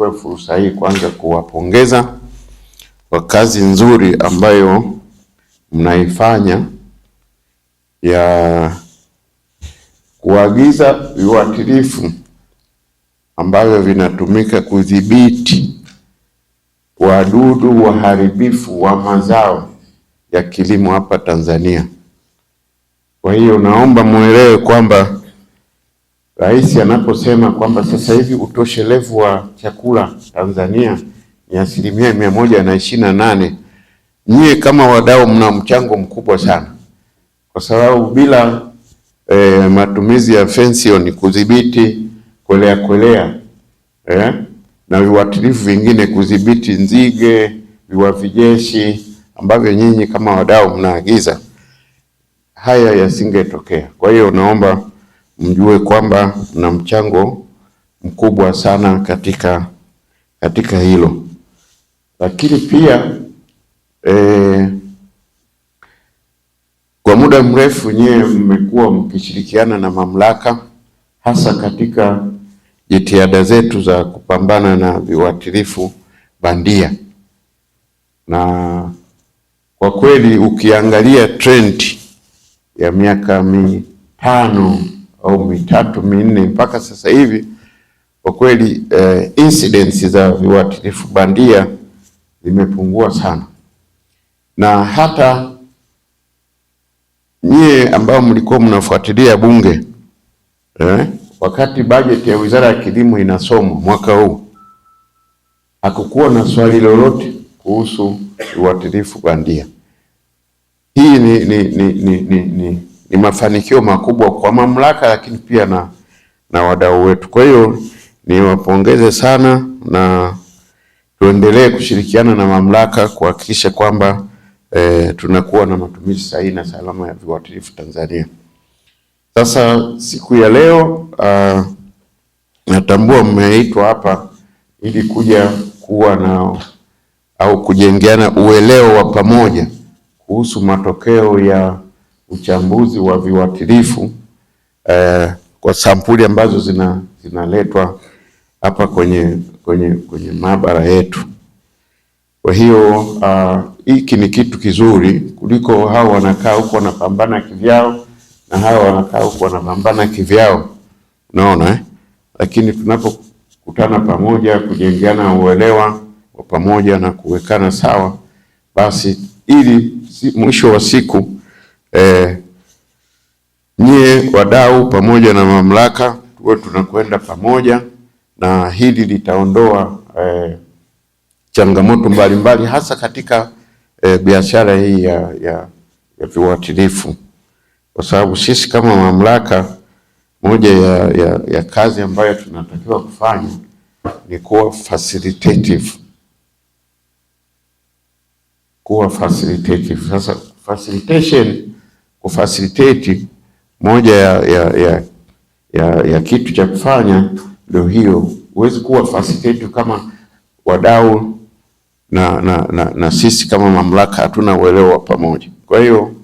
Nichukue fursa hii kwanza kuwapongeza kwa kazi nzuri ambayo mnaifanya ya kuagiza viuatilifu ambavyo vinatumika kudhibiti wadudu waharibifu wa mazao ya kilimo hapa Tanzania. Kwa hiyo naomba muelewe kwamba Rais anaposema kwamba sasa hivi utoshelevu wa chakula Tanzania ni asilimia mia moja na ishirini na nane, nyie kama wadau mna mchango mkubwa sana, kwa sababu bila e, matumizi ya fensioni kudhibiti kolea kolea eh, na viuatilifu vingine kudhibiti nzige, viwavijeshi ambavyo nyinyi kama wadau mnaagiza, haya yasingetokea. Kwa hiyo naomba mjue kwamba mna mchango mkubwa sana katika, katika hilo. Lakini pia e, kwa muda mrefu nyewe mmekuwa mkishirikiana na mamlaka hasa katika jitihada zetu za kupambana na viuatilifu bandia, na kwa kweli ukiangalia trend ya miaka mitano au mitatu minne mpaka sasa hivi kwa kweli eh, incidence za viuatilifu bandia zimepungua sana, na hata nyie ambao mlikuwa mnafuatilia bunge eh, wakati bajeti ya Wizara ya Kilimo inasomwa mwaka huu hakukuwa na swali lolote kuhusu viuatilifu bandia. Hii ni, ni, ni, ni, ni, ni ni mafanikio makubwa kwa mamlaka, lakini pia na, na wadau wetu. Kwa hiyo niwapongeze sana na tuendelee kushirikiana na mamlaka kuhakikisha kwamba e, tunakuwa na matumizi sahihi na salama ya viuatilifu Tanzania. Sasa siku ya leo uh, natambua mmeitwa hapa ili kuja kuwa na au kujengeana uelewa wa pamoja kuhusu matokeo ya uchambuzi wa viuatilifu eh, kwa sampuli ambazo zina zinaletwa hapa kwenye, kwenye, kwenye maabara yetu. Kwa hiyo ah, hiki uh, ni kitu kizuri kuliko hao wanakaa huko wanapambana kivyao na hao wanakaa huko wanapambana kivyao, unaona eh? Lakini tunapokutana pamoja kujengeana uelewa wa pamoja na kuwekana sawa, basi ili mwisho wa siku eh, nyie wadau pamoja na mamlaka tuwe tunakwenda pamoja, na hili litaondoa eh, changamoto mbalimbali mbali, hasa katika eh, biashara hii ya, ya, ya viuatilifu, kwa sababu sisi kama mamlaka moja ya, ya, ya kazi ambayo tunatakiwa kufanya ni kuwa facilitative. Kuwa facilitative. Sasa facilitation kufasiliteti moja ya, ya, ya, ya, ya kitu cha kufanya ndio hiyo. Huwezi kuwa fasiliteti kama wadau na, na, na, na sisi kama mamlaka hatuna uelewa pamoja. Kwa hiyo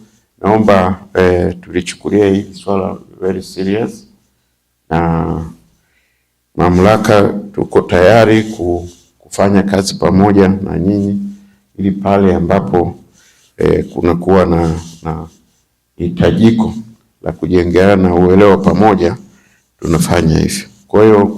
naomba eh, tulichukulia hili swala very serious na mamlaka tuko tayari ku, kufanya kazi pamoja na nyinyi ili pale ambapo eh, kunakuwa na, na hitajiko la kujengeana uelewa pamoja, tunafanya hivyo. Kwa hiyo